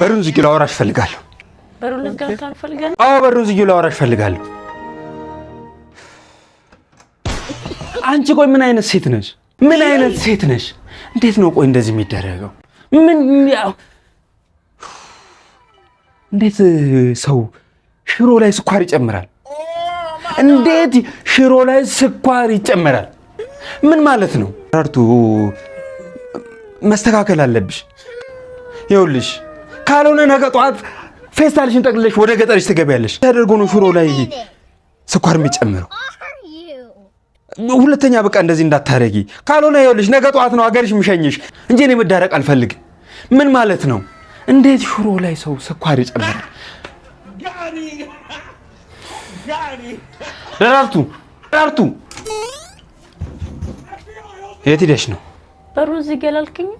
በሩን ዝጊው፣ ላወራሽ እፈልጋለሁ። በሩን ልትገባ ፈልጋለሁ። አዎ በሩን ዝጊው፣ ላወራሽ እፈልጋለሁ። አንቺ ቆይ ምን አይነት ሴት ነሽ? ምን አይነት ሴት ነሽ? እንዴት ነው ቆይ እንደዚህ የሚደረገው? ምን እንዴት ሰው ሽሮ ላይ ስኳር ይጨምራል? እንዴት ሽሮ ላይ ስኳር ይጨምራል? ምን ማለት ነው? ራርቱ መስተካከል አለብሽ። ይኸውልሽ ካልሆነ ነገ ጠዋት ፌስታልሽን ጠቅልለሽ ወደ ገጠርሽ ትገቢያለሽ። ተደርጎ ነው ሽሮ ላይ ስኳር የሚጨምረው። ሁለተኛ በቃ እንደዚህ እንዳታረጊ። ካልሆነ ይኸውልሽ ነገ ጠዋት ነው ሀገርሽ የምሸኝሽ እንጂ እኔ መዳረቅ አልፈልግም። ምን ማለት ነው? እንዴት ሽሮ ላይ ሰው ስኳር ይጨምራል? ደራርቱ ደራርቱ፣ የት ሄደሽ ነው? በሩ እዚህ ገላልክኝ